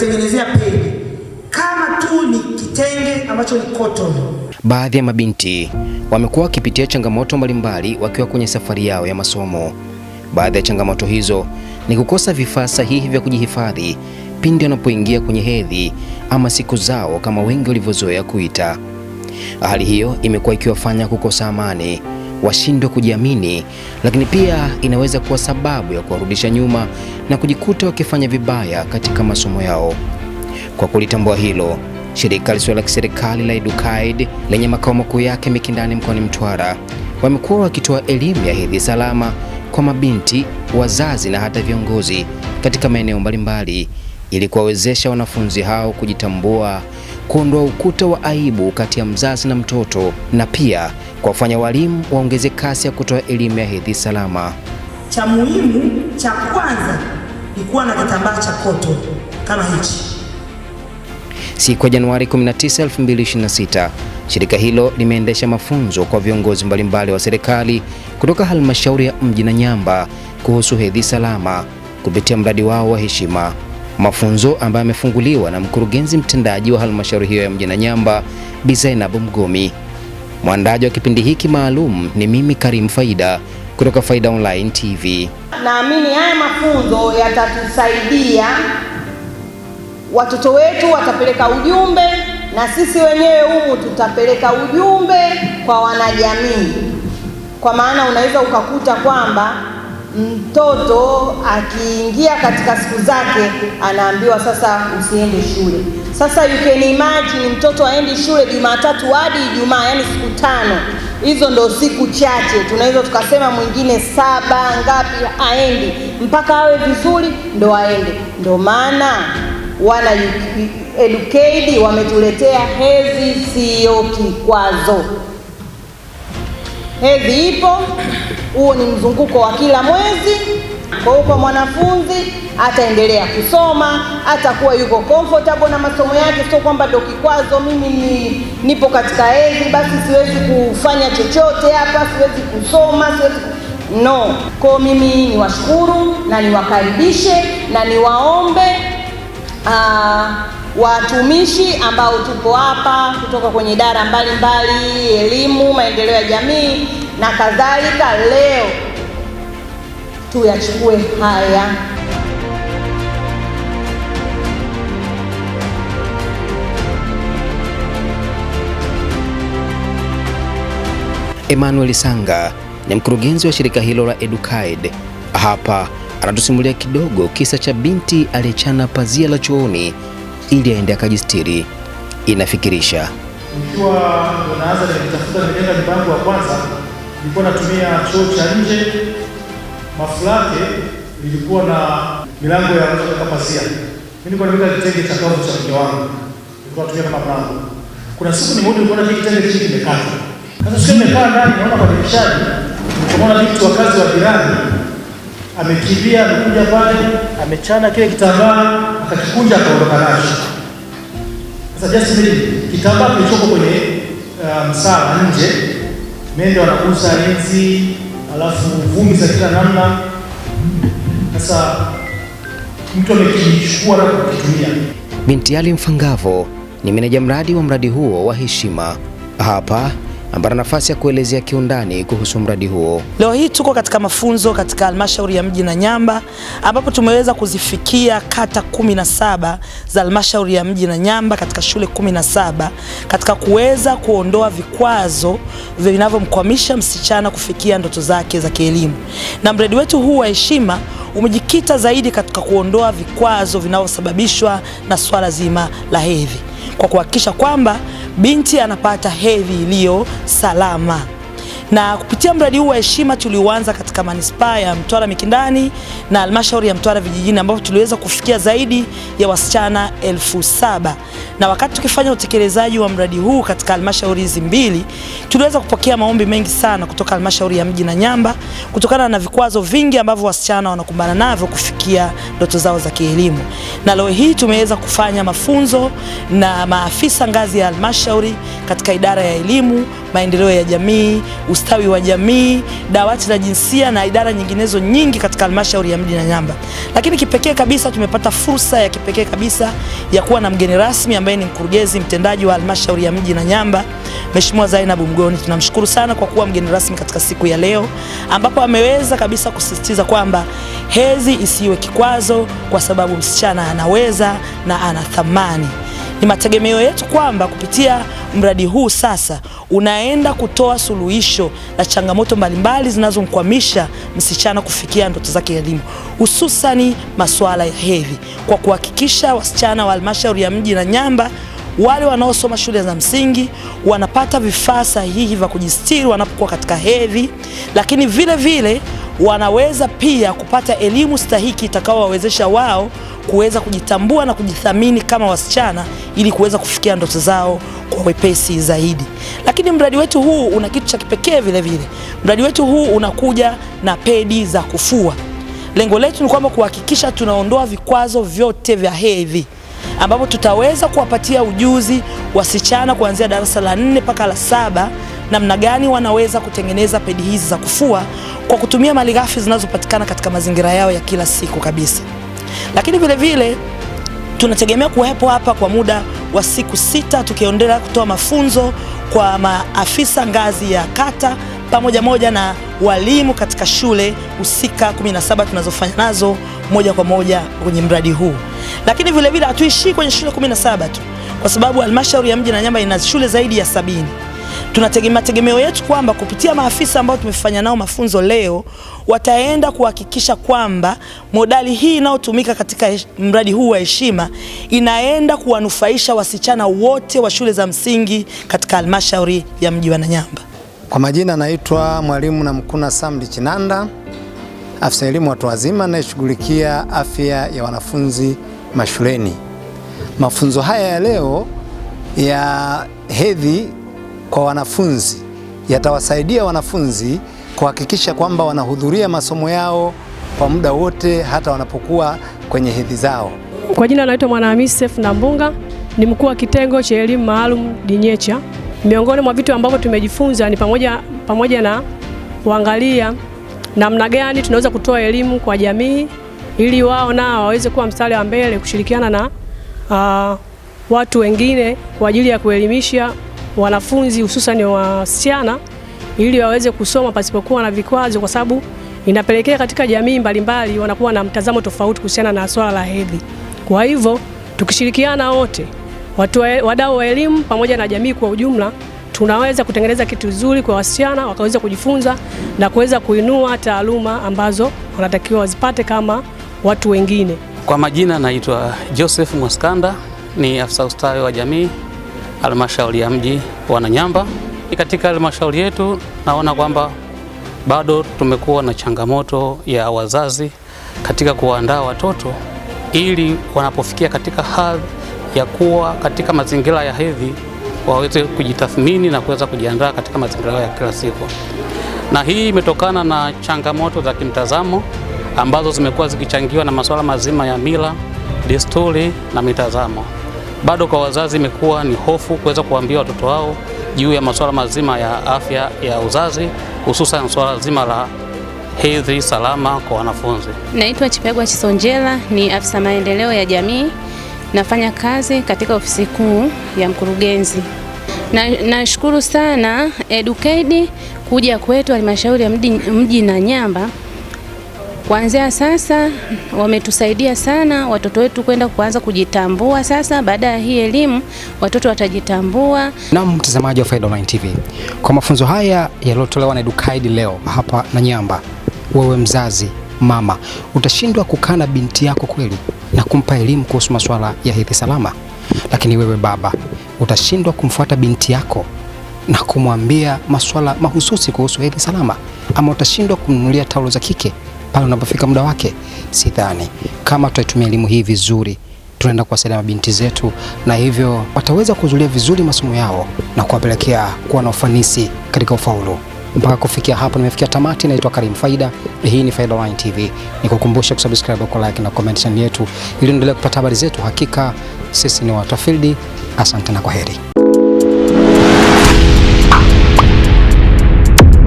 tumetengenezea peji kama tu ni kitenge ambacho ni cotton. Baadhi ya mabinti wamekuwa wakipitia changamoto mbalimbali wakiwa kwenye safari yao ya masomo. Baadhi ya changamoto hizo ni kukosa vifaa sahihi vya kujihifadhi pindi wanapoingia kwenye hedhi ama siku zao kama wengi walivyozoea kuita. Hali hiyo imekuwa ikiwafanya kukosa amani, washindwe kujiamini, lakini pia inaweza kuwa sababu ya kuwarudisha nyuma na kujikuta wakifanya vibaya katika masomo yao. Kwa kulitambua hilo, shirika lisilo la kiserikali la Edukaid lenye makao makuu yake Mikindani mkoani Mtwara wamekuwa wakitoa elimu ya hedhi salama kwa mabinti, wazazi na hata viongozi katika maeneo mbalimbali ili kuwawezesha wanafunzi hao kujitambua, kuondoa ukuta wa aibu kati ya mzazi na mtoto na pia kuwafanya walimu waongeze kasi ya kutoa elimu ya hedhi salama. Cha muhimu cha kwanza ni kuwa na kitambaa cha koto kama hichi. Siku ya Januari 19, 2026 shirika hilo limeendesha mafunzo kwa viongozi mbalimbali wa serikali kutoka halmashauri ya mji na Nyamba kuhusu hedhi salama kupitia mradi wao wa heshima mafunzo ambayo yamefunguliwa na mkurugenzi mtendaji wa halmashauri hiyo ya mji na Nyamba Bi Zainabu Mgomi. Mwandaji wa kipindi hiki maalum ni mimi Karim Faida kutoka Faida Online TV. Naamini haya mafunzo yatatusaidia, watoto wetu watapeleka ujumbe na sisi wenyewe humu tutapeleka ujumbe kwa wanajamii, kwa maana unaweza ukakuta kwamba mtoto akiingia katika siku zake anaambiwa sasa usiende shule. Sasa you can imagine mtoto aendi shule Jumatatu hadi Ijumaa, yani siku tano. Hizo ndo siku chache, tunaweza tukasema mwingine saba ngapi aende mpaka awe vizuri ndo aende. Ndo maana wana edukedi wametuletea hedhi siyo kikwazo. Hedhi ipo, huo ni mzunguko wa kila mwezi. Kwa hiyo kwa mwanafunzi ataendelea kusoma, atakuwa yuko comfortable na masomo yake, sio kwamba ndo kikwazo, mimi ni nipo katika hedhi, basi siwezi kufanya chochote hapa, siwezi kusoma, siwezi no. Kwa mimi niwashukuru na niwakaribishe na niwaombe aa, ah, watumishi ambao tupo hapa kutoka kwenye idara mbalimbali, elimu, maendeleo ya jamii na kadhalika, leo tuyachukue haya. Emmanuel Sanga ni mkurugenzi wa shirika hilo la Edukaid. Hapa anatusimulia kidogo kisa cha binti aliyechana pazia la chooni ili aende akajistiri. Inafikirisha. Nikiwa unaanza nikitafuta nimeenda mpango wa kwanza, nilikuwa natumia choo cha nje mafu lake lilikuwa na milango ya kuweza kuweka pazia. Mimi nilikuwa nimeweka kitenge cha kavu cha mke wangu, nilikuwa natumia kama mlango. Kuna siku nimerudi nikaona kile kitenge chini kimekata. Sasa sio nimekaa ndani naona kwa dirishani. nikaona mtu wa kazi wa jirani amekimbia amekuja pale, amechana kile kitambaa akakikunja, akaondoka nacho. Sasa just mimi kitambaa kilichoko kwenye uh, msala nje, mende wanakusa inzi alafu vumbi za kila namna. Sasa mtu amekichukua na kukitumia. Binti Ali Mfangavo ni meneja mradi wa mradi huo wa heshima hapa ambaye ana nafasi ya kuelezea kiundani kuhusu mradi huo. Leo hii tuko katika mafunzo katika halmashauri ya mji Nanyamba ambapo tumeweza kuzifikia kata kumi na saba za halmashauri ya mji Nanyamba katika shule kumi na saba katika kuweza kuondoa vikwazo vinavyomkwamisha msichana kufikia ndoto zake za kielimu, na mradi wetu huu wa heshima umejikita zaidi katika kuondoa vikwazo vinavyosababishwa na swala zima la hedhi kwa kuhakikisha kwamba binti anapata hedhi iliyo salama na kupitia mradi huu wa heshima tuliuanza katika manispaa ya Mtwara Mikindani na halmashauri ya Mtwara vijijini ambapo tuliweza kufikia zaidi ya wasichana elfu saba na wakati tukifanya utekelezaji wa mradi huu katika halmashauri hizi mbili tuliweza kupokea maombi mengi sana kutoka halmashauri ya Mji na Nyamba kutokana na vikwazo vingi ambavyo wasichana wanakumbana navyo kufikia ndoto zao za kielimu, na leo hii tumeweza kufanya mafunzo na maafisa ngazi ya halmashauri katika idara ya elimu, maendeleo ya jamii ustawi wa jamii, dawati la jinsia na idara nyinginezo nyingi katika halmashauri ya mji Nanyamba. Lakini kipekee kabisa tumepata fursa ya kipekee kabisa ya kuwa na mgeni rasmi ambaye ni mkurugenzi mtendaji wa halmashauri ya mji Nanyamba, Mheshimiwa Zainabu Mgoni. Tunamshukuru sana kwa kuwa mgeni rasmi katika siku ya leo, ambapo ameweza kabisa kusisitiza kwamba hedhi isiwe kikwazo, kwa sababu msichana anaweza na ana thamani. Ni mategemeo yetu kwamba kupitia mradi huu sasa unaenda kutoa suluhisho la changamoto mbalimbali zinazomkwamisha msichana kufikia ndoto zake elimu, hususani masuala ya hedhi, kwa kuhakikisha wasichana wa halmashauri ya mji na nyamba wale wanaosoma shule za msingi wanapata vifaa sahihi vya kujistiri wanapokuwa katika hedhi, lakini vile vile wanaweza pia kupata elimu stahiki itakaowawezesha wao kuweza kujitambua na kujithamini kama wasichana ili kuweza kufikia ndoto zao kwa wepesi zaidi. Lakini mradi wetu huu una kitu cha kipekee vile vile. Mradi wetu huu unakuja na pedi za kufua. Lengo letu ni kwamba kuhakikisha tunaondoa vikwazo vyote vya hedhi ambapo tutaweza kuwapatia ujuzi wasichana kuanzia darasa la nne mpaka la saba namna gani wanaweza kutengeneza pedi hizi za kufua kwa kutumia malighafi zinazopatikana katika mazingira yao ya kila siku kabisa. Lakini vile vile tunategemea kuwepo hapa kwa muda wa siku sita tukiendelea kutoa mafunzo kwa maafisa ngazi ya kata pamoja moja na walimu katika shule husika 17 tunazofanya nazo moja kwa moja kwenye mradi huu. Lakini vilevile hatuishii kwenye shule 17 tu, kwa sababu halmashauri ya mji Nanyamba ina shule zaidi ya sabini tunategemea mategemeo yetu kwamba kupitia maafisa ambao tumefanya nao mafunzo leo wataenda kuhakikisha kwamba modali hii inayotumika katika mradi huu wa heshima inaenda kuwanufaisha wasichana wote wa shule za msingi katika halmashauri ya mji wa Nanyamba. Kwa majina naitwa Mwalimu Namkuna Samdi Chinanda, afisa elimu watu wazima anayeshughulikia afya ya wanafunzi mashuleni. Mafunzo haya ya leo ya hedhi kwa wanafunzi, yatawasaidia wanafunzi kuhakikisha kwamba wanahudhuria masomo yao kwa muda wote hata wanapokuwa kwenye hedhi zao. Kwa jina naitwa Mwanahamisi Seif Nambunga, ni mkuu wa kitengo cha elimu maalum Dinyecha. Miongoni mwa vitu ambavyo tumejifunza ni pamoja, pamoja na kuangalia namna gani tunaweza kutoa elimu kwa jamii ili wao nao waweze kuwa mstari wa mbele kushirikiana na uh, watu wengine kwa ajili ya kuelimisha wanafunzi hususani wasichana ili waweze kusoma pasipokuwa na vikwazo, kwa sababu inapelekea katika jamii mbalimbali wanakuwa na mtazamo tofauti kuhusiana na swala la hedhi. Kwa hivyo tukishirikiana wote watu wadau wa elimu pamoja na jamii kwa ujumla, tunaweza kutengeneza kitu kizuri kwa wasichana wakaweza kujifunza na kuweza kuinua taaluma ambazo wanatakiwa wazipate kama watu wengine. Kwa majina naitwa Joseph Mwaskanda, ni afisa ustawi wa jamii halmashauri ya mji wa Nanyamba. Katika halmashauri yetu naona kwamba bado tumekuwa na changamoto ya wazazi katika kuwaandaa watoto ili wanapofikia katika hadhi ya kuwa katika mazingira ya hedhi waweze kujitathmini na kuweza kujiandaa katika mazingira yao ya kila siku, na hii imetokana na changamoto za kimtazamo ambazo zimekuwa zikichangiwa na masuala mazima ya mila, desturi na mitazamo bado kwa wazazi imekuwa ni hofu kuweza kuambia watoto wao juu ya masuala mazima ya afya ya uzazi, hususan swala zima la hedhi salama kwa wanafunzi. Naitwa Chipegwa Chisonjela, ni afisa maendeleo ya jamii, nafanya kazi katika ofisi kuu ya mkurugenzi. Nashukuru na sana EDUCAID kuja kwetu halmashauri ya mji Nanyamba Kuanzia sasa wametusaidia sana watoto wetu kwenda kuanza kujitambua. Sasa baada ya hii elimu watoto watajitambua. Na mtazamaji wa Faida Online TV, kwa mafunzo haya yaliyotolewa na Edukaidi leo hapa na Nyamba, wewe mzazi mama, utashindwa kukaa na binti yako kweli na kumpa elimu kuhusu masuala ya hedhi salama? Lakini wewe baba, utashindwa kumfuata binti yako na kumwambia masuala mahususi kuhusu hedhi salama, ama utashindwa kumnunulia taulo za kike pale unapofika muda wake, sidhani kama tutaitumia elimu hii vizuri tunaenda kuwasaidia mabinti zetu, na hivyo wataweza kuzulia vizuri masomo yao na kuwapelekea kuwa na ufanisi katika ufaulu. Mpaka kufikia hapo nimefikia tamati. Naitwa Karim Faida, hii ni Faida Online TV. Nikukumbusha kusubscribe kwa like na comment yetu, ili endelee kupata habari zetu. Hakika sisi ni watafildi. Asante na kwa heri.